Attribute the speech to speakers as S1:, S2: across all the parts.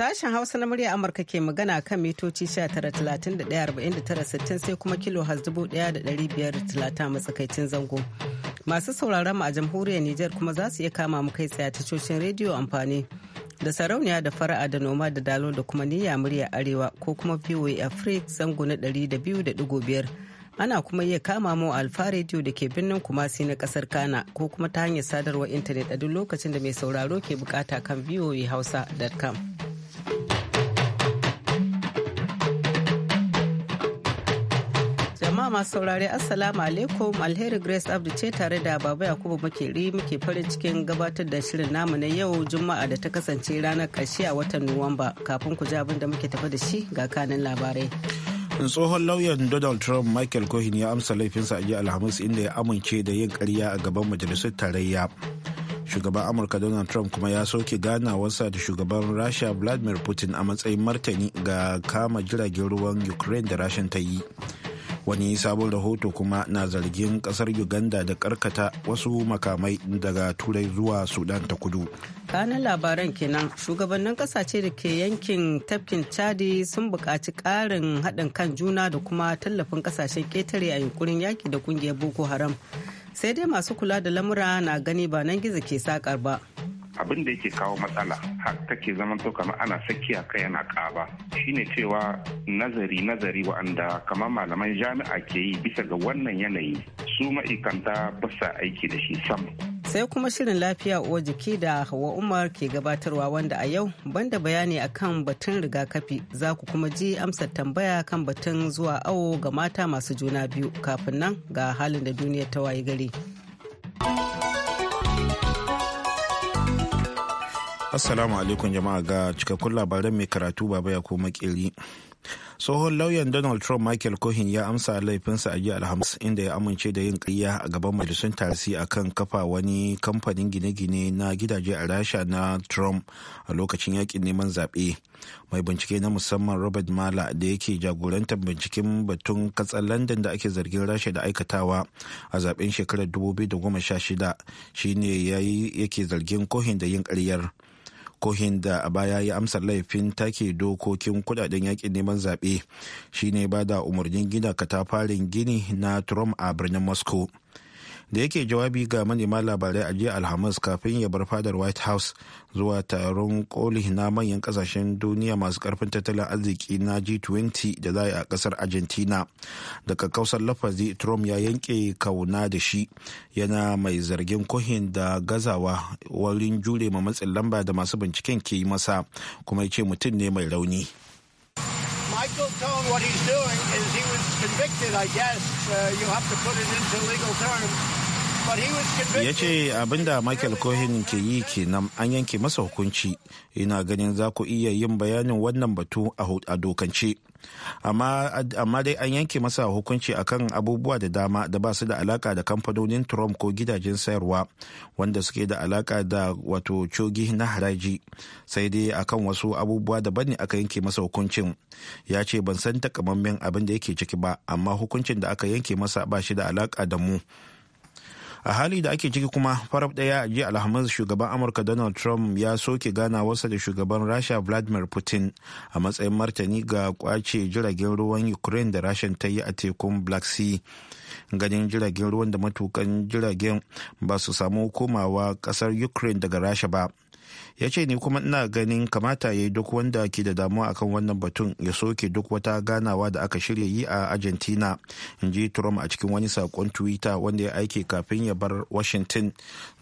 S1: Sashen Hausa na murya Amurka ke magana kan mitoci 19,31,49,60 sai kuma kilo a matsakaicin zango. Masu sauraron mu a jamhuriyar Nijar kuma za su iya kama mu kai tsaye ta cocin rediyo amfani da sarauniya da fara'a da noma da dalo da kuma niyya murya arewa ko kuma VOA Africa zango na 200.5. ana kuma iya kama mu alfa rediyo da ke birnin kumasi na kasar kana ko kuma ta hanyar sadarwar intanet a duk lokacin da mai sauraro ke bukata kan hausa.com jama'a masu saurare assalamu alaikum alheri grace abdu ce tare da baba yakubu makeri muke farin cikin gabatar da shirin namu na yau juma'a da ta kasance ranar karshe a watan nuwamba kafin ku ji abin da muke tafi da shi ga kanin labarai
S2: tsohon lauyan donald trump michael cohen ya amsa laifinsa a jiya alhamis inda ya amince da yin karya a gaban majalisar tarayya shugaban amurka donald trump kuma ya soke ganawarsa da shugaban rasha vladimir putin a matsayin martani ga kama jiragen ruwan ukraine da rashin ta yi wani sabon rahoto kuma na zargin kasar uganda da karkata wasu makamai daga turai zuwa sudan ta kudu
S1: kanan labaran kenan shugabannin kasashe da ke yankin tafkin chadi sun bukaci ƙarin haɗin kan juna da kuma tallafin kasashen ƙetare a yunkurin yaƙi da ƙungiyar boko haram sai dai masu kula da lamura na gani ba nan gizo ke sakar
S3: ba abin da yake kawo matsala har take zaman to kamar ana sakiya kai yana ƙaba shine cewa nazari nazari wa'anda kamar malaman jami'a ke yi bisa ga wannan yanayi su ma'aikanta ba sa aiki da shi sam
S1: sai kuma shirin lafiya uwa jiki da hawa umar ke gabatarwa wanda a yau banda bayani akan batun rigakafi za ku kuma ji amsa tambaya kan batun zuwa awo ga mata masu juna biyu kafin nan ga halin da duniya ta wayi gari.
S2: Assalamu alaikum jama'a ga cikakkun labaran mai karatu baba ya koma kiri. Tsohon lauyan Donald Trump Michael Cohen ya amsa laifinsa a jiya Alhamis inda ya amince da yin ƙarya a gaban majalisun tarsi a kan kafa wani kamfanin gine-gine na gidaje a Rasha na Trump a lokacin yakin neman zaɓe. Mai bincike na musamman Robert Mala da yake jagorantar binciken batun katsar London da ake zargin Rasha da aikatawa a zaɓen shekarar 2016 shine yake zargin Cohen da yin ƙaryar. kohin da a baya ya amsa laifin take dokokin kudaden yakin neman zaɓe shine ba da umarnin gina katafarin gini na trump a birnin moscow da yake jawabi ga manema labarai a jiya alhamis kafin ya bar fadar white house zuwa taron koli na manyan kasashen duniya masu karfin tattalin arziki na g20 da za a kasar argentina daga kausar lafazi trump ya yanke kauna da shi yana mai zargin kohin da gazawa wurin jure ma matsin lamba da masu binciken ke yi masa kuma ya ce mutum ne mai rauni Michael Cohen, what he's doing is he was convicted, I guess. Uh, you have to put it into legal terms. ya ce abinda michael cohen ke yi kenan an yanke masa hukunci ina ganin za ku iya yin bayanin wannan batu a dokance amma dai an yanke masa hukunci akan abubuwa da dama da ba su da alaka da kamfanonin trump ko gidajen sayarwa wanda suke da alaka da wato cogi na haraji sai dai akan wasu abubuwa daban ne aka yanke masa hukuncin ya ce ban san takamammen abin da yake ciki ba amma hukuncin da aka yanke masa ba shi da alaka da mu a hali da ake ciki kuma farab daya jiya alhamis shugaban amurka donald trump ya soke ganawarsa da shugaban rasha vladimir putin a matsayin martani ga kwace jiragen ruwan ukraine da rashin ta yi a tekun black sea ganin jiragen ruwan da matukan jiragen ba su samu komawa kasar ukraine daga rasha ba ya ce ni kuma ina ganin kamata ya yi duk wanda ke da damuwa akan wannan batun ya soke duk wata ganawa da aka shirya yi a argentina in ji trump a cikin wani sakon twitter wanda ya aike kafin ya bar washington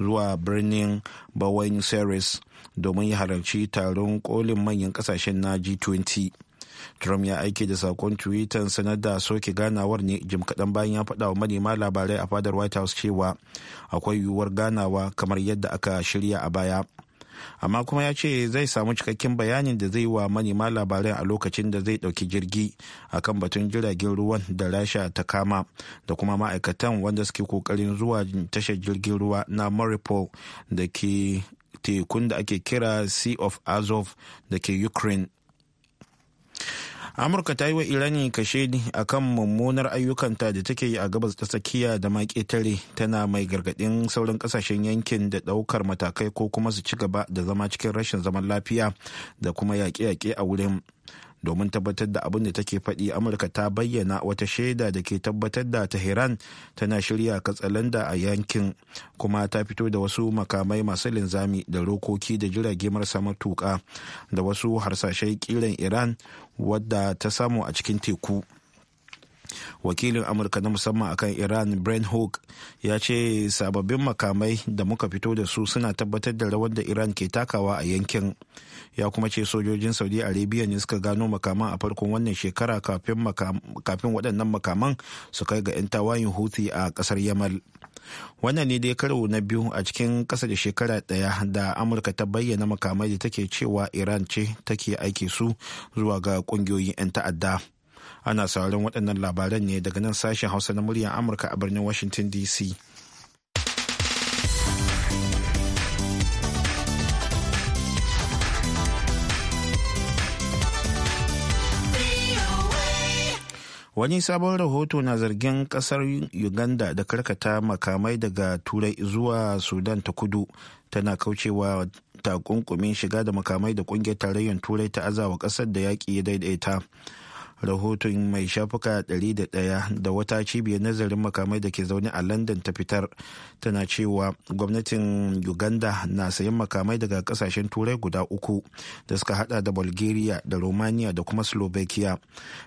S2: zuwa birnin bowen series domin ya halarci taron kolin manyan kasashen na g20 Trump ya aike da sakon Twitter sanar da soke ganawar ne jim kaɗan bayan ya faɗa wa manema labarai a fadar White House cewa akwai yiwuwar ganawa kamar yadda aka shirya a baya. amma kuma ya ce zai samu cikakken bayanin da zai wa manema labarai a lokacin da zai ɗauki jirgi a kan batun jiragen ruwan da rasha ta kama da kuma ma'aikatan wanda suke kokarin zuwa tashar jirgin ruwa na maripol da ke tekun da ake kira sea of azov da ke ukraine amurka ta yi wa irani kashedi a kan mummunar ayyukanta da take yi a gabas ta tsakiya da ma tana mai gargaɗin sauran ƙasashen yankin da ɗaukar matakai ko kuma su ci gaba da zama cikin rashin zaman lafiya da kuma yaƙe-yaƙe a wurin domin tabbatar da abin da take faɗi amurka ta bayyana wata shaida da ke tabbatar da tehran tana shirya katsalanda a yankin kuma ta fito da wasu makamai masu linzami da rokoki da jirage marasa matuƙa da wasu harsashai kiran iran wadda ta samu a cikin teku wakilin amurka na musamman akan iran brent hook ya ce sababbin makamai da muka fito da su suna tabbatar da rawar da iran ke takawa a yankin ya kuma ce sojojin saudi arabia ne suka gano makaman a farkon wannan shekara kafin waɗannan makaman su kai ga 'yan tawayin houthi a ƙasar yamal wannan ne dai karo na biyu a cikin kasa da shekara daya da amurka ta bayyana makamai da take cewa iran ce take aiki su zuwa ga kungiyoyin 'yan ta'adda ana sauran waɗannan labaran ne daga nan sashen hausa na muryar amurka a birnin washington dc wani sabon rahoto na zargin kasar uganda da karkata makamai daga turai zuwa sudan ta kudu tana kaucewa ta takunkumin shiga da makamai da kungiyar tarayyar turai ta azawa kasar da yaƙi ya daidaita rahoton mai shafuka 101 da wata cibiyar nazarin makamai da ke zaune a london ta fitar tana cewa gwamnatin uganda na sayan makamai daga kasashen turai guda uku da suka hada da bulgaria da romania da kuma slovakia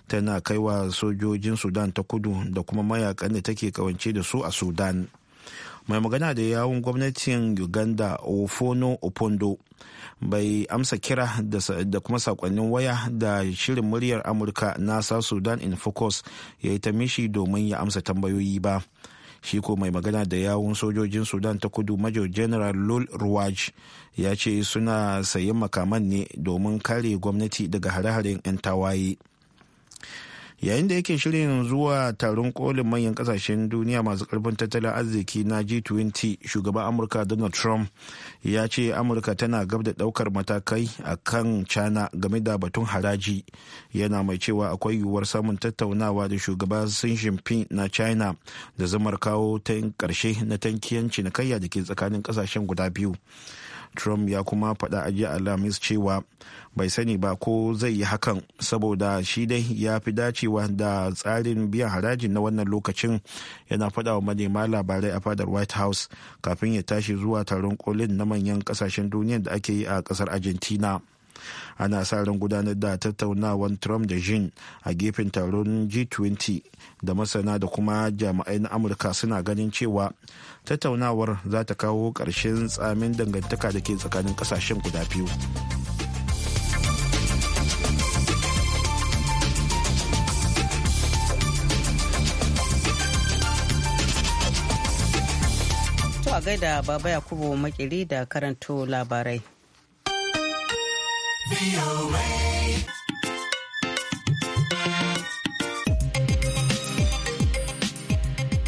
S2: tana kaiwa sojojin sudan ta kudu da kuma mayakan da take kawance da su a sudan mai magana da yawun gwamnatin uganda ofono opondo bai amsa kira da kuma sakonnin waya da shirin muryar amurka na south sudan in focus ya yi ta mishi domin ya amsa tambayoyi ba shi ko mai magana da yawun sojojin sudan ta kudu major general lul ruwaj ya ce suna sayin makaman ne domin kare gwamnati daga hare-haren 'yan tawaye yayin da yake shirin zuwa taron kolin manyan kasashen duniya masu karfin tattalin arziki na g20 shugaban amurka donald trump ya ce amurka tana gab da daukar matakai a kan china game da batun haraji yana mai cewa akwai yiwuwar samun tattaunawa da shugaba sun jinping na china da zamar kawo ta karshe na tankiyanci na kayya da ke tsakanin kasashen guda biyu trump ya kuma faɗa a jiya alhamis cewa bai sani ba ko zai yi hakan saboda shi dai ya fi dacewa da tsarin biyan harajin na wannan lokacin yana faɗa wa manema labarai a fadar white house kafin ya tashi zuwa taron kolin na manyan ƙasashen duniya da ake yi a ƙasar argentina ana sa ran gudanar da tattaunawar trump da jin a gefen taron g20 da masana da kuma jami'ai na amurka suna ganin cewa tattaunawar za ta kawo ƙarshen tsamin dangantaka da ke tsakanin ƙasashen guda biyu
S1: gaida baba yakubu makiri da karanto labarai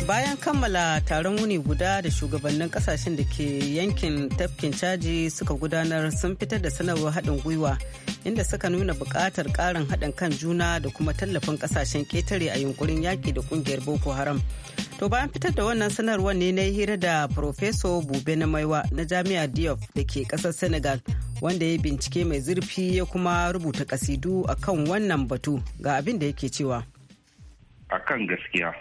S1: bayan kammala taron wuni guda da shugabannin kasashen da ke yankin tafkin caji suka gudanar sun fitar da sanarwar haɗin gwiwa inda suka nuna buƙatar ƙarin haɗin kan juna da kuma tallafin kasashen ƙetare a yunkurin yaƙi da ƙungiyar boko haram to bayan fitar da wannan sanarwar ne na yi hira da profeso bube na maiwa na jami'ar diop da ke ƙasar senegal wanda ya bincike mai zurfi ya kuma rubuta kasidu a kan wannan batu ga abin da yake cewa.
S3: A kan gaskiya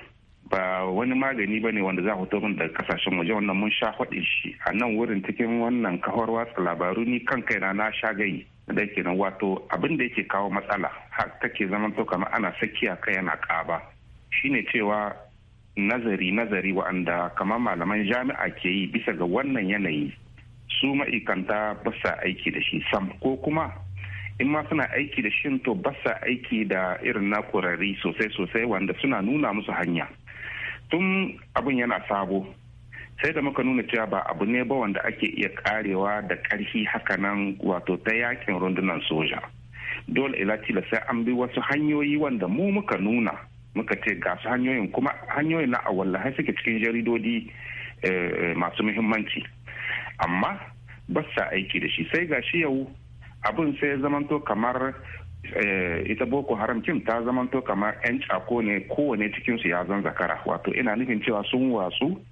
S3: ba wani magani ba ne wanda za fito min daga kasashen waje wannan mun sha haɗin shi a nan wurin cikin wannan kafar watsa labaru ni kan kaina na sha gayi da nan wato abin da yake kawo matsala har take zaman to kamar ana sakiya kai yana ƙaba shine cewa nazari nazari wa'anda kamar malaman jami'a ke yi bisa ga wannan yanayi su ma'aikanta ba sa aiki da shi sam ko kuma in ma suna aiki da shi to ba sa aiki da irin na kurari sosai-sosai wanda suna nuna musu hanya tun abin yana sabo sai da muka nuna cewa ba abu ne ba wanda ake iya karewa da karfi haka nan wato ta yakin rundunar soja dole ilatila sai an bi wasu hanyoyi wanda mu muka nuna muka ce ga su hanyoyin kuma hanyoyin na awalla har suke cikin jaridodi eh, eh, masu muhimmanci amma ba sa aiki da shi sai ga shi yau abin sai ya zamanto kamar eh, ita boko haram kim ta zamanto kamar 'yan cako ne kowane cikinsu ya zan zakara wato ina nufin cewa sun wasu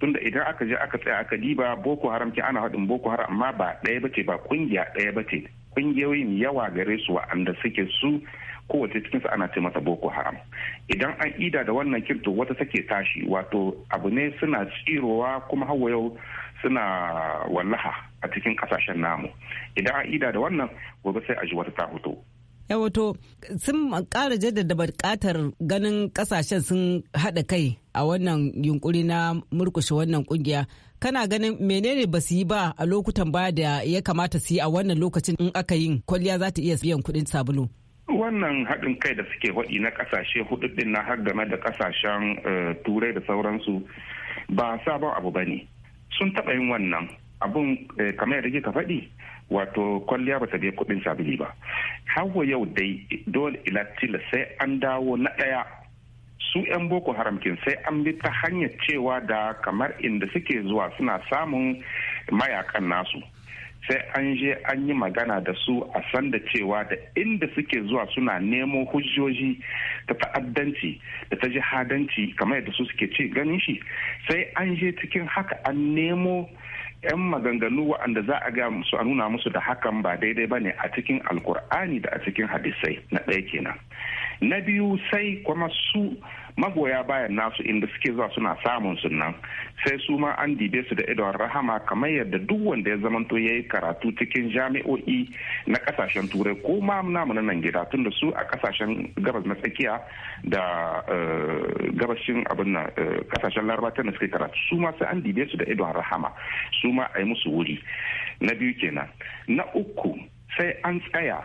S3: tunda idan aka je aka tsaya aka diba boko haram ki ana haɗin boko haram amma ba ɗaya bace ba kungiya ɗaya bace kungiyoyin yawa gare su wa'anda suke su kowace cikin ana ce masa boko haram idan an ida da wannan kirto wata take tashi wato abu ne suna tsirowa kuma hawa yau suna wallaha a cikin kasashen namu idan an ida da wannan gobe sai a ji wata ta fito
S1: yawato sun ƙara jaddada buƙatar ganin kasashen sun haɗa kai a wannan yunkuri na murkushe wannan kungiya kana ganin menene ba su yi ba a lokutan baya da ya kamata su yi a wannan lokacin in aka yin kwalliya za ta iya biyan kuɗin sabulu
S3: wannan haɗin kai da suke waɗi na ƙasashe hudu na har game da ƙasashen eh, turai da sauransu ba sabon abu ba ne sun taɓa yin wannan abun eh, kamar yadda kika faɗi wato kwalliya ba ta biya kuɗin sabili ba hawa yau dai dole ila sai an dawo na ɗaya su 'yan boko haramkin sai an bi ta hanyar cewa da kamar inda suke zuwa suna samun mayakan nasu sai an je an yi magana da su a san da cewa da inda suke zuwa suna nemo hujjoji ta ta'addanci da ta jihadanci kamar yadda su suke ce ganin shi sai an je cikin haka an nemo 'yan maganganu waɗanda za a gaya a nuna musu da hakan ba daidai ba ne a cikin alkur'ani da a cikin hadisai na ɗaya kenan na biyu sai kuma su magoya bayan nasu inda suke zuwa suna samun sunan sai su ma an dibe su da idon rahama kamar yadda duk wanda ya zamanto ya yi karatu cikin jami'o'i na kasashen turai ko ma namu na nan gida tunda su a kasashen gabas na tsakiya da eh, gabashin abin na kasashen eh, laraba da suke karatu su ma sai an dibe su da idon rahama su ma a yi musu wuri na biyu kenan na uku sai an tsaya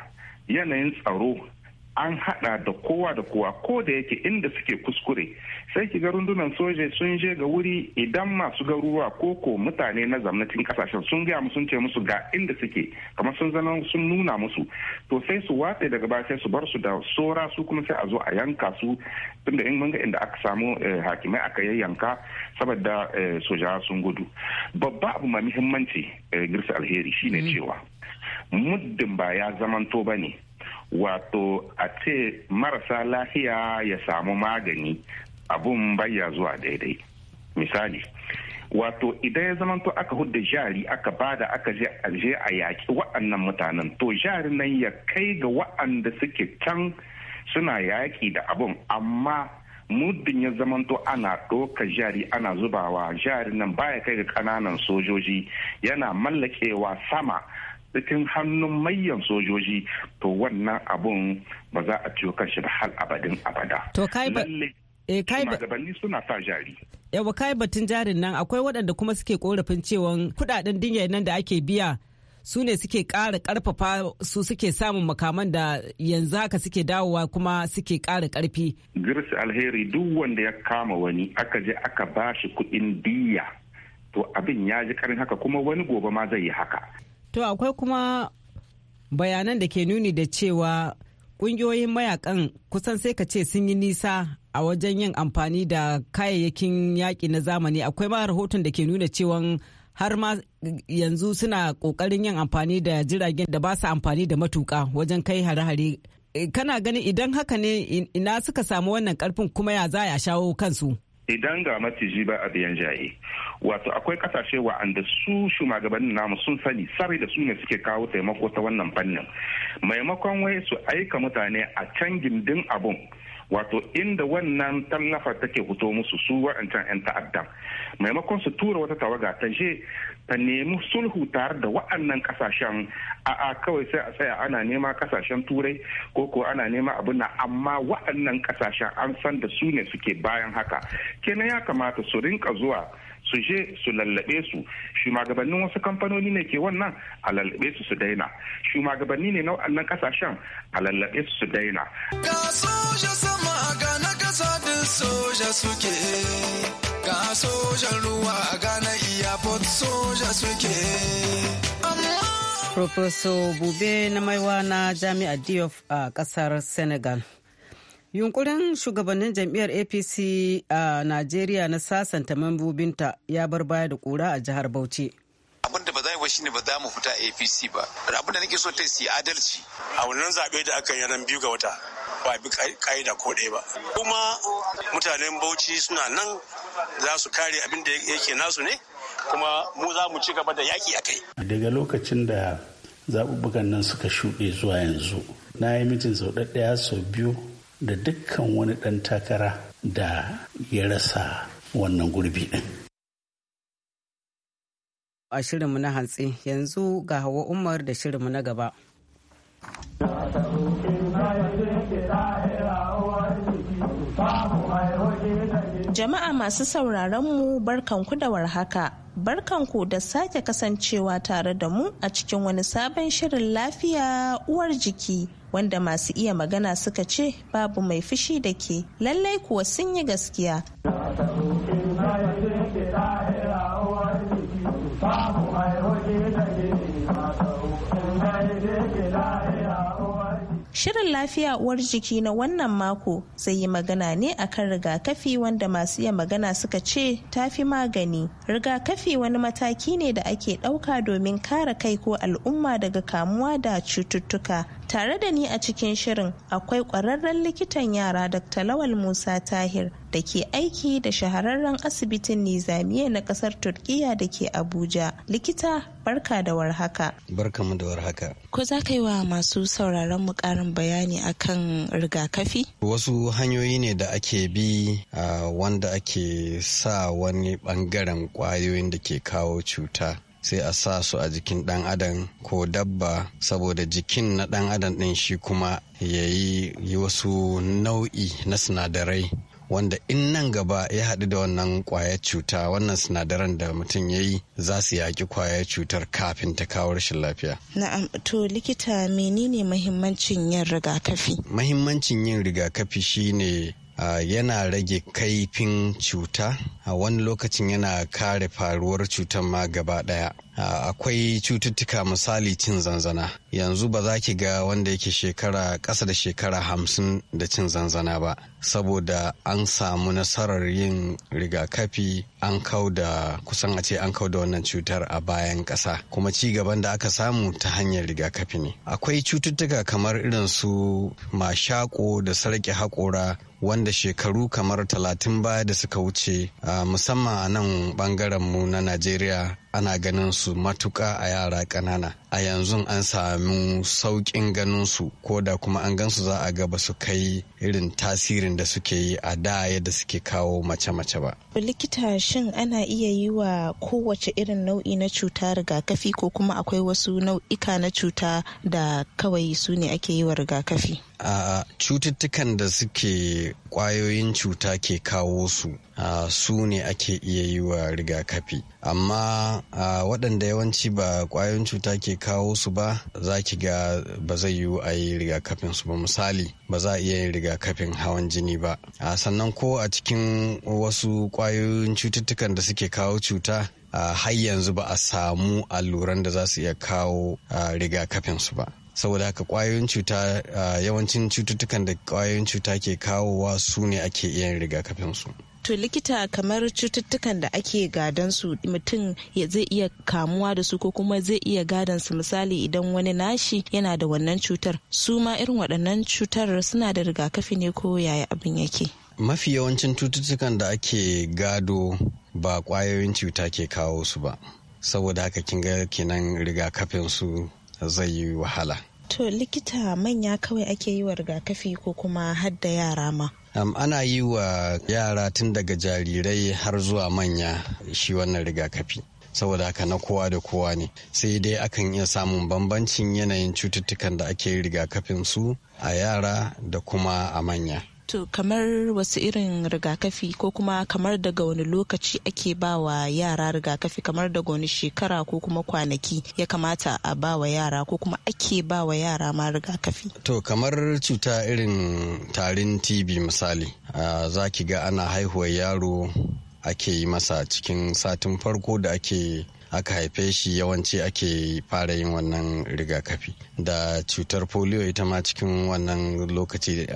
S3: yanayin tsaro an hada da kowa da kowa ko da yake inda suke kuskure sai ki ga rundunar soja sun je ga wuri idan masu garuruwa ko ko mutane na zamnatin kasashen sun gaya musu ce musu ga inda suke kamar sun zama sun nuna musu to sai su watse daga baya sai su bar su da sora su kuma sai a zo a yanka su tunda in mun ga inda aka samu eh, hakimai aka yayyanka saboda eh, soja sun gudu babba abu mai muhimmanci girsa eh, alheri shine mm. cewa muddin ba ya zamanto bane wato a ce marasa lafiya ya samu magani abun bayya zuwa daidai misali wato idan ya zamanto aka hudda jari aka bada aka je a yaƙi wa'annan mutanen to jari nan ya kai ga wa'anda suke can suna yaƙi da abun amma muddin ya zamanto ana ɗaukar jari ana zubawa jari nan baya kai ga ƙananan sojoji yana mallakewa sama cikin hannun mayan sojoji to wannan abun ba za a ciwo kanshi ba hal abadin abada. To kai ba eh kai ba suna sa jari.
S1: Yawa kai batun jarin nan akwai waɗanda kuma suke korafin cewa kuɗaɗen dinyar nan da ake biya su ne suke ƙara ƙarfafa su suke samun makaman da yanzu haka suke
S3: dawowa kuma suke ƙara ƙarfi. Girsi alheri duk wanda ya kama wani aka je aka ba shi kuɗin diya to abin ya ji karin haka kuma wani gobe ma zai yi haka.
S1: to akwai kuma bayanan da ke nuni da cewa kungiyoyin mayakan kusan sai ka ce sun yi nisa a wajen yin amfani da kayayyakin yaƙi na zamani akwai ma rahoton da ke nuna cewa har ma yanzu suna ƙoƙarin yin amfani da jiragen da ba su amfani da matuƙa wajen kai hare-hare eh, kana ganin idan haka ne ina suka samu wannan karfin kuma ya za a shawo kansu
S3: idan ga maciji ba a biyan jaye wato akwai kasashe wa'anda su shugabannin namu sun sani sarai da su ne suke kawo taimako ta wannan fannin maimakon wai su aika mutane a can gindin abun wato inda wannan tallafa take fito musu su wa'ancan 'yan ta'adda maimakon su tura wata tawaga ta je ta nemi sulhu tare da wa'annan kasashen a'a kawai sai a tsaya ana nema kasashen turai ko ko ana nema abin nan amma wa'annan kasashen an san da su ne suke bayan haka kenan ya kamata su rinka zuwa su je su lallabe su shugabannin wasu kamfanoni ne ke wannan a lallabe su su daina shugabanni ne na wa'annan kasashen a lallabe su su daina
S1: soja suke
S4: ga sojan ruwa a gana iyapot soja suke
S1: Profeso Bube na maiwa na Jami'ar Diof a kasar Senegal. Yunkurin shugabannin jam'iyyar APC a Najeriya na sasanta membobinta ya bar baya da kura a jihar Bauchi.
S2: abin da ba za mu shine ba za mu fita APC ba. Abin da nake so ta yi adalci. A wannan zaɓe da aka yi ran biyu ga wata ba bi ka'ida ko ɗaya ba kuma mutanen bauchi suna nan za su kare abin da yake nasu ne kuma mu za mu ci gaba da yaƙi a kai daga lokacin da zaɓuɓɓukan nan suka shuɗe zuwa yanzu na yi mijin sau ɗaya sau biyu da dukkan wani ɗan takara da ya rasa wannan
S3: gurbi ɗin.
S1: a shirinmu na hantsi yanzu ga hawa umar da shirinmu na gaba.
S5: Jama'a masu sauraron mu barkanku da warhaka. Barkanku da sake kasancewa tare da mu a cikin wani sabon shirin lafiya uwar jiki. Wanda masu iya magana suka ce babu mai fushi da ke lallai kuwa sun yi gaskiya. Shirin lafiya uwar jiki na wannan mako zai yi magana ne akan rigakafi wanda masu iya magana suka ce tafi magani. Rigakafi wani mataki ne da ake ɗauka domin kare kai ko al'umma daga kamuwa da cututtuka Tare da ni a cikin shirin akwai ƙwararren likitan yara Dr. Lawal Musa Tahir da ke aiki da shahararren asibitin Nizamiya na ƙasar Turkiya da ke Abuja. Likita barka da warhaka.
S4: Barka mu da warhaka.
S5: Ko za ka yi wa masu sauraron mu ƙarin bayani akan rigakafi?
S4: Wasu hanyoyi ne da ake bi ah, wanda ake sa wani ɓangaren ƙwayoyin da ke kawo cuta. sai a sa su a jikin ɗan adam ko dabba saboda jikin na ɗan adam ɗin shi kuma ya yi wasu nau'i na sinadarai wanda in nan gaba ya haɗu da wannan ƙwayar cuta wannan sinadaran da mutum ya yi za su yaƙi ƙwayar cutar kafin ta kawo rashin lafiya.
S5: Na'am, to likita menene mahimmancin yin rigakafi?
S4: Mahimmancin yin rigakafi shine Ah, yana rage kaifin cuta a ah, wani lokacin yana kare faruwar cutar ma gaba ɗaya akwai cututtuka misali cin zanzana yanzu ba za ki ga wanda yake shekara ƙasa da shekara hamsin da cin zanzana ba saboda an samu nasarar yin rigakafi an kau da kusan a ce an kau da wannan cutar a bayan ƙasa kuma ci gaban da aka samu ta hanyar rigakafi ne akwai cututtuka kamar irin su mashako da sarki haƙora wanda shekaru kamar talatin baya da suka wuce musamman a nan bangaren mu na najeriya ana ganin su matuƙa a yara ƙanana a yanzu an sami sauƙin ganin su ko da kuma an gan su za a ga su kai irin tasirin da suke yi a da yadda suke kawo mace-mace ba
S5: likita shin ana iya yi wa kowace irin nau'i na cuta rigakafi ko kuma akwai wasu nau'ika na cuta da kawai su ne ake yi wa rigakafi
S4: A'a, cututtukan da suke kwayoyin cuta ke kawo su su ne ake iya yi wa rigakafi amma waɗanda yawanci ba kwayoyin cuta ke kawo su ba za ki ga ba zai yiwu a yi rigakafin su ba misali ba za a iya yin rigakafin hawan jini ba sannan ko a cikin wasu kwayoyin cututtukan da suke kawo cuta Uh, har yanzu ba a samu alluran da za su iya kawo uh, rigakafin su ba saboda haka kwayoyin cuta yawancin cututtukan da kwayoyin cuta ke kawowa su ne ake iya rigakafin su
S5: to likita kamar cututtukan da ake gadon su mutum zai iya kamuwa da su ko kuma zai iya gadon su misali idan wani nashi yana da wannan cutar su ma irin waɗannan cutar suna da rigakafi ne ko yaya abin yake
S4: mafi yawancin cututtukan da ake gado ba kwayoyin cuta ke kawo su ba saboda haka kin ga kenan rigakafin su zai yi wahala
S5: To likita manya kawai ake yi wa rigakafi ko kuma hadda yara ma?
S4: Um, ana yi wa yara tun daga jarirai har zuwa manya shi wannan rigakafi. saboda haka na kowa da kowa ne sai dai akan iya samun bambancin yanayin cututtukan da ake rigakafin su a yara da kuma a manya
S5: To kamar wasu irin rigakafi ko kuma kamar daga wani lokaci ake ba wa yara rigakafi kamar daga wani shekara ko kuma kwanaki ya kamata a ba wa yara ko kuma ake ba wa yara ma rigakafi.
S4: To kamar cuta irin tarin TV misali za ki ga ana haihuwar yaro ake yi masa cikin satin farko da ake aka haife shi yawanci ake fara yin wannan rigakafi da cutar polio ita ma cikin wannan lokaci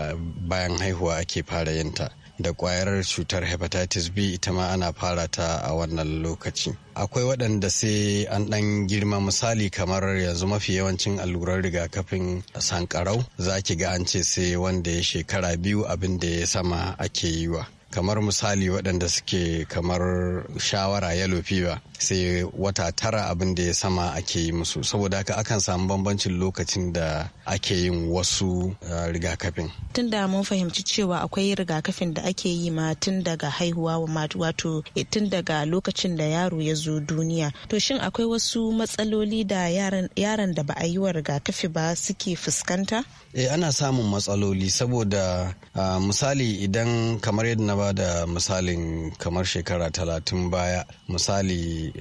S4: bayan haihuwa ake fara yin da kwayar cutar hepatitis b ita ma ana fara ta a wannan lokaci akwai waɗanda sai an ɗan girma misali kamar yanzu mafi yawancin allurar rigakafin sankarau za ki ga an ce sai wanda ya shekara biyu abin da ya sama ake yi wa kamar misali waɗanda suke kamar shawara yellow fever sai wata tara abin da ya sama ake yi musu saboda haka akan samu bambancin lokacin da ake yin wasu uh, rigakafin
S5: tun da mun fahimci cewa akwai rigakafin da ake yi ma tun daga haihuwa wato eh, tun daga lokacin da yaro ya zo duniya to shin akwai wasu matsaloli da yaran da ba a yi wa rigakafi ba suke fuskanta
S4: eh ana samun matsaloli saboda uh, misali idan kamar yadda na ba da misalin kamar shekara talatin baya misali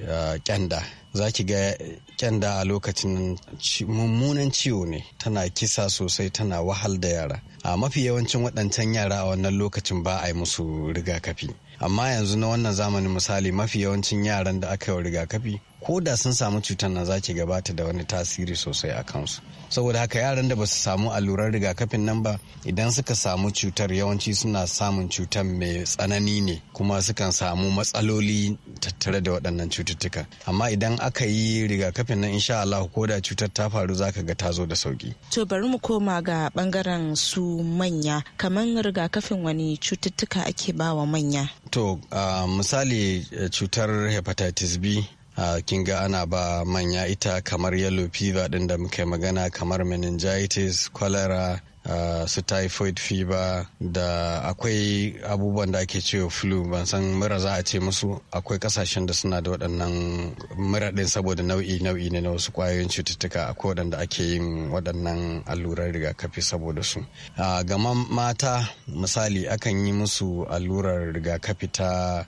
S4: kyanda za ki ga kyanda a lokacin mummunan ciwo ne tana kisa sosai tana wahal da yara a mafi yawancin waɗancan yara a wannan lokacin ba a yi musu rigakafi amma yanzu na wannan zamanin misali mafi yawancin yaran da aka yi rigakafi ko da sun samu cutar nan za gabata da wani tasiri sosai a kansu saboda haka yaran da ba su samu allurar rigakafin nan ba idan suka samu cutar yawanci suna samun cutar mai tsanani ne kuma sukan samu matsaloli tattare da waɗannan cututtuka amma idan aka yi rigakafin nan insha Allah ko da cutar ta faru zaka ga ta zo da sauki
S5: to bari mu koma ga bangaren su manya kaman rigakafin wani cututtuka ake ba wa manya
S4: to ah, misali eh, cutar hepatitis B kin ga ana ba manya ita kamar yellow fever din da muka magana kamar meningitis cholera Uh, su typhoid fever da akwai abubuwan da ake cewa flu ban san mura za a ce musu akwai kasashen da suna da waɗannan mura ɗin saboda nau'i nau'i ne na wasu ƙwayoyin cututtuka akwai waɗanda ake yin waɗannan allurar rigakafi saboda su uh, ga mata misali akan yi musu allurar rigakafi ta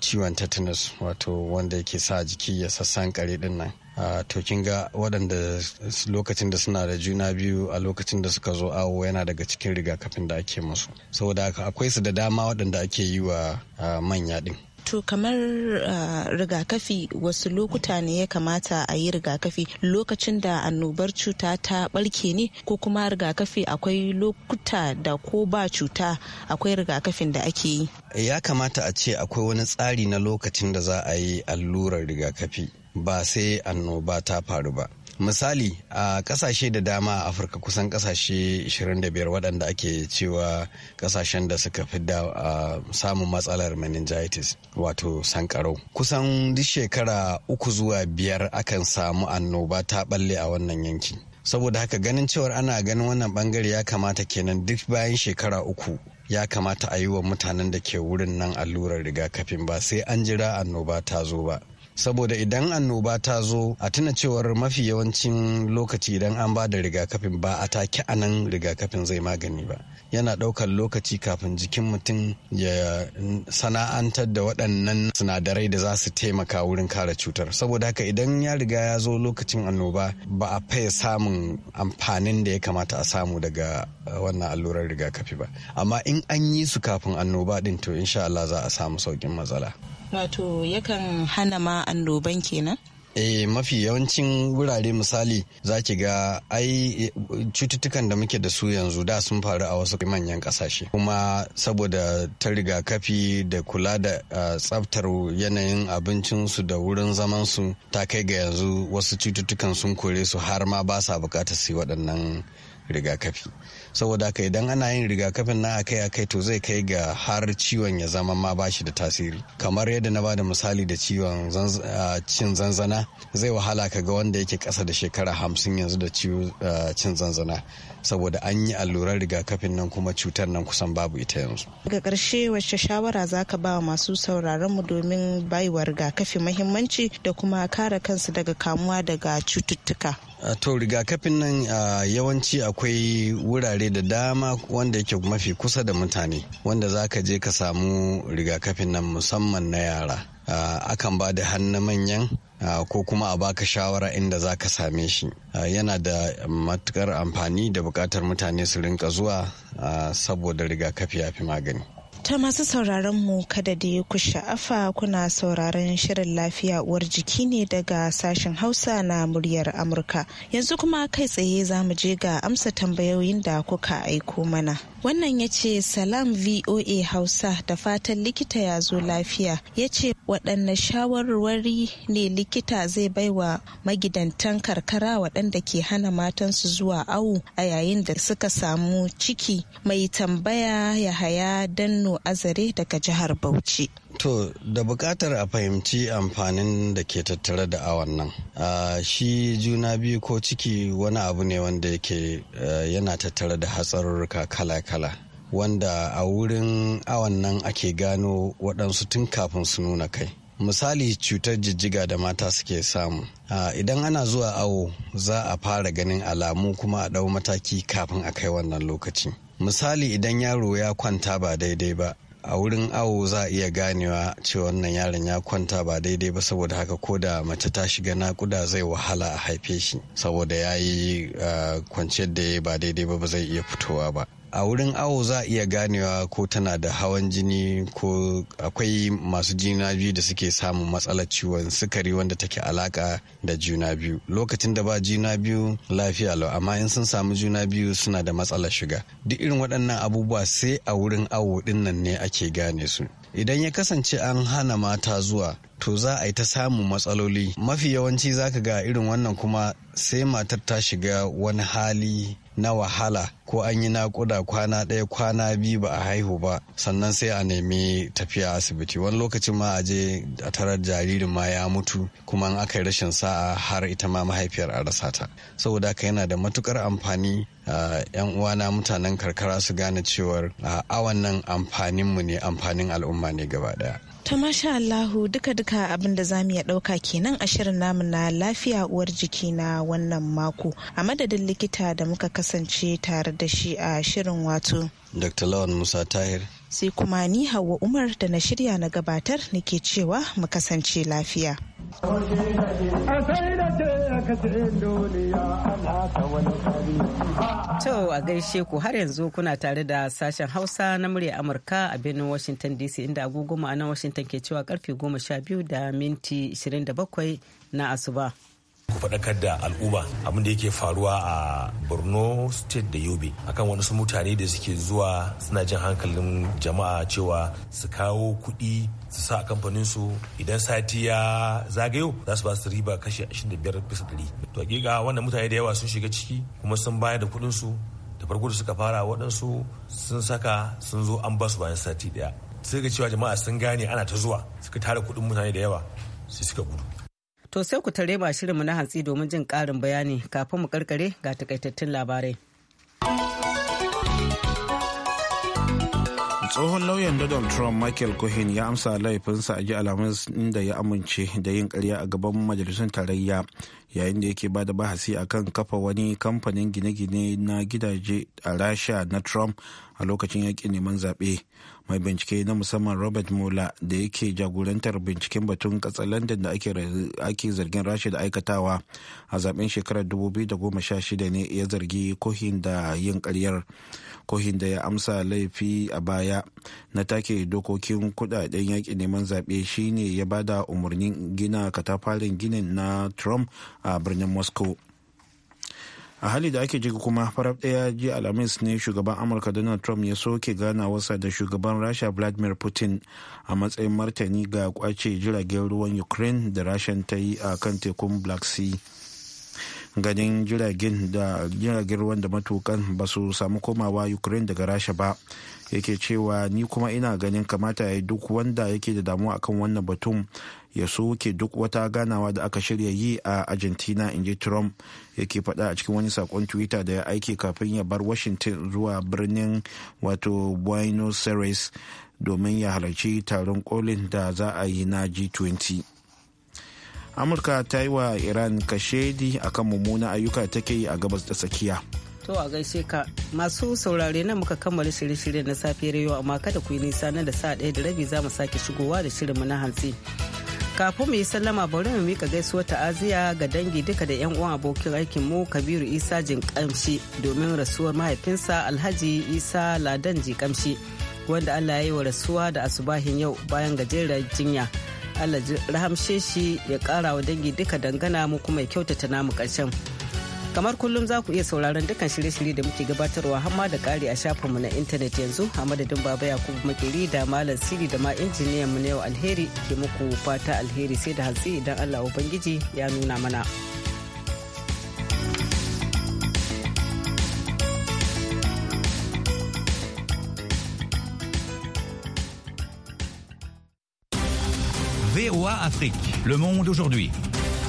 S4: ciwon tetanus wato wanda yake sa jiki ya sassan kare din nan to kin ga waɗanda lokacin da suna da juna biyu a lokacin da suka zo awo yana daga cikin rigakafin da ake musu saboda haka akwai su da dama waɗanda ake yi wa manya din
S5: to kamar ah, rigakafi wasu lokuta ne ya kamata a yi rigakafi lokacin da annobar cuta ta barke ne ko kuma rigakafi akwai lokuta da ko ba cuta akwai rigakafin da ake yi
S4: ya kamata a ce akwai wani tsari na lokacin da za a yi allurar rigakafi ba sai annoba ta faru ba misali a kasashe da dama a afirka kusan kasashe 25 waɗanda ake cewa kasashen da suka fi da samun matsalar meningitis wato sankarau kusan duk shekara uku zuwa biyar akan samu annoba ta balle a wannan yanki saboda haka ganin cewar ana ganin wannan bangare ya kamata kenan duk bayan shekara uku ya kamata a yi wa mutanen da ke wurin nan allurar rigakafin ba sai an jira annoba ta zo ba saboda idan annoba ta zo a tuna cewar mafi yawancin lokaci idan an ba da rigakafin ba a a nan rigakafin zai magani ba yana ɗaukar lokaci kafin jikin mutum ya sana'antar da waɗannan sinadarai da za su taimaka wurin kare cutar saboda haka idan ya riga ya zo lokacin annoba ba a faye samun amfanin da ya kamata a samu daga eh, wannan allurar rigakafi ba amma in an yi su kafin annoba din to insha Allah za a samu saukin matsala
S5: wato yakan hana ma annoban kenan
S4: eh mafi yawancin wurare misali za ki ga ai cututtukan da muke da su yanzu da sun faru a wasu manyan kasashe kuma saboda ta rigakafi da kula da tsaftar yanayin abincinsu da wurin zamansu ta kai ga yanzu wasu cututtukan sun kore su har ma ba sa bukatar su waɗannan rigakafi saboda haka idan ana yin rigakafin na akai akai to zai kai ga har ciwon ya zama ma bashi da tasiri kamar yadda na bada misali da ciwon cin zanzana zai wahala ka ga wanda yake kasa da shekara hamsin yanzu da cin zanzana saboda an yi allurar rigakafin nan kuma cutar nan kusan babu ita yanzu
S5: daga karshe wacce shawara za ka ba masu sauraron mu domin baiwa rigakafi mahimmanci da kuma kare kansu daga kamuwa daga cututtuka
S4: to rigakafin nan yawanci akwai wurare da dama wanda yake mafi kusa da mutane wanda za ka je ka samu rigakafin nan musamman na yara Ah, akan ba da hannu manyan ah, ko kuma a baka shawara inda za ka same shi ah, yana da matukar amfani da bukatar mutane su rinka zuwa saboda rigakafi ya fi magani
S5: Ta masu sauraron mu kada da ku sha'afa kuna sauraron shirin lafiya uwar jiki ne daga sashen Hausa na muryar Amurka. Yanzu kuma kai tsaye za mu je ga amsa tambayoyin da kuka aiko mana. Wannan ya ce Salam VOA Hausa da fatan likita ya zo lafiya. Ya ce waɗanne shawarwari ne likita zai baiwa magidantan karkara waɗanda ke hana matansu zuwa awu a yayin da suka samu ciki. Mai tambaya ya haya danno Aminu Azare daga jihar
S4: Bauchi. To da bukatar a fahimci amfanin da ke tattare da awon nan. Shi juna biyu ko ciki wani abu ne wanda yake yana tattare da hatsarurruka kala-kala. Wanda a wurin awon nan ake gano waɗansu tun kafin su nuna kai. Misali cutar jijjiga da mata suke samu. Idan ana zuwa awo za a fara ganin alamu kuma a ɗau mataki kafin a kai wannan lokaci. misali idan yaro ya kwanta ba daidai ba a wurin awo za a iya ganewa cewa wannan yaron ya kwanta ba daidai ba saboda haka ko da mace ta shiga nakuda zai wahala a haife shi saboda ya yi eh, kwanciyar da ya ba daidai ba ba zai iya fitowa ba a wurin awo za a iya ganewa ko tana da hawan jini ko akwai masu juna biyu da suke samun matsalar ciwon sukari wanda take alaka da juna biyu lokacin da ba juna biyu lafiya lau amma in sun samu juna biyu suna da matsalar shiga duk irin waɗannan abubuwa sai a wurin awo ɗinnan ne ake gane su idan ya kasance an hana mata zuwa to za a yi ta samun matsaloli mafi yawanci za ka ga irin wannan kuma sai matar ta shiga wani hali na wahala ko an yi naƙuda kwana ɗaya kwana biyu ba a haihu ba sannan sai a nemi tafiya asibiti wani lokacin ma a je a tarar jaririn ma ya mutu kuma an aka yi rashin sa'a har ita ma mahaifiyar a rasa ta saboda haka yana da matukar amfani yan uwana mutanen karkara su gane cewar awan nan amfaninmu ne amfanin al'umma ne gaba ɗaya.
S5: Ta masha Allahu duka-duka abinda za mu ya ɗauka kenan a shirin namu na lafiya uwar jiki na wannan mako. A madadin likita da muka kasance tare da shi a shirin wato.
S4: Dr. Lawan Musa Tahir.
S5: sai kuma ni Hauwa Umar da na shirya na gabatar nake cewa mu kasance lafiya.
S1: To a gaishe ku har yanzu kuna tare da sashen Hausa na murya Amurka a birnin Washington DC inda agogo ma'anar Washington ke cewa karfe goma sha biyu da minti 27 na asuba.
S2: ku faɗakar da al'umma abin da yake faruwa a borno state da yobe akan wasu mutane da suke zuwa suna jin hankalin jama'a cewa su kawo kuɗi su sa a kamfanin su idan sati ya zagayo za su ba su riba kashi 25 bisa ɗari to hakika wannan mutane da yawa sun shiga ciki kuma sun bayar da kuɗin su da farko da suka fara waɗansu sun saka sun zo an ba su bayan sati ɗaya sai ga cewa jama'a sun gane ana ta zuwa suka
S3: tara kuɗin mutane da yawa sai suka gudu
S1: To sai ku tare ba shirinmu na hantsi domin jin ƙarin bayani kafin mu karkare ga takaitattun labarai.
S2: Tsohon lauyan Donald Trump Michael Cohen ya amsa laifinsa a ji alamun inda ya amince da yin karya a gaban majalisar tarayya yayin da yake bada bahasi a kan kafa wani kamfanin gine-gine na gidaje a rasha na Trump a lokacin yakin neman zaɓe. mai bincike na musamman robert mueller da yake jagorantar binciken batun katsalandan london da ake zargin rasha da aikatawa a zaben shekarar 2016 ne ya zargi kohin da yin karyar kohin da ya amsa laifi a baya na take dokokin kudaden yaƙi neman zaɓe shine ya bada umarnin gina katafalin ginin na trump a birnin moscow a hali da ake jiki kuma farar daya ji alhamis ne shugaban amurka donald trump ya soke ganawarsa da shugaban rasha vladimir putin a matsayin martani ga kwace jiragen ruwan ukraine da rashan ta yi a kan tekun black sea ganin jiragen da jiragen ruwan da matukan ba su samu komawa ukraine daga rasha ba yake cewa ni kuma ina ganin kamata ya duk wanda yake da damuwa akan wannan batun ya soke duk wata ganawa da aka shirya yi a argentina in inji trump yake faɗa a cikin wani sakon twitter da ya aiki kafin ya bar washington zuwa birnin wato buenos aires domin ya halarci taron kolin da za a yi na g20 amurka ta yi wa iran kashedi akan mummunan ayyuka take yi a gabas da tsakiya
S1: To a gaishe ka masu saurare na muka kammala shirye shiryen na safiyar yau amma kada ku yi nisa na da sa ɗaya da rabi za mu sake shigowa da shirin mu na hantsi. kafin mu yi sallama bari mu mika gaisuwa ta'aziya ga dangi duka da 'yan uwan abokin aikin mu kabiru isa jinkamshi domin rasuwar mahaifinsa alhaji isa ladan kamshi wanda allah ya yi wa rasuwa da asubahin yau bayan gajeren jinya allah rahamshe shi ya kara wa dangi duka dangana mu kuma ya kyautata namu karshen. kamar kullum za ku iya sauraron dukkan shirye-shirye da muke gabatarwa hamma da kari a shafinmu na intanet yanzu a madadin baba yakubu makeri da malam siri da ma injiniyan mu na yau alheri ke muku fata alheri sai da hatsi idan allah ubangiji ya nuna mana.
S3: VOA Afrique. Le monde aujourd'hui.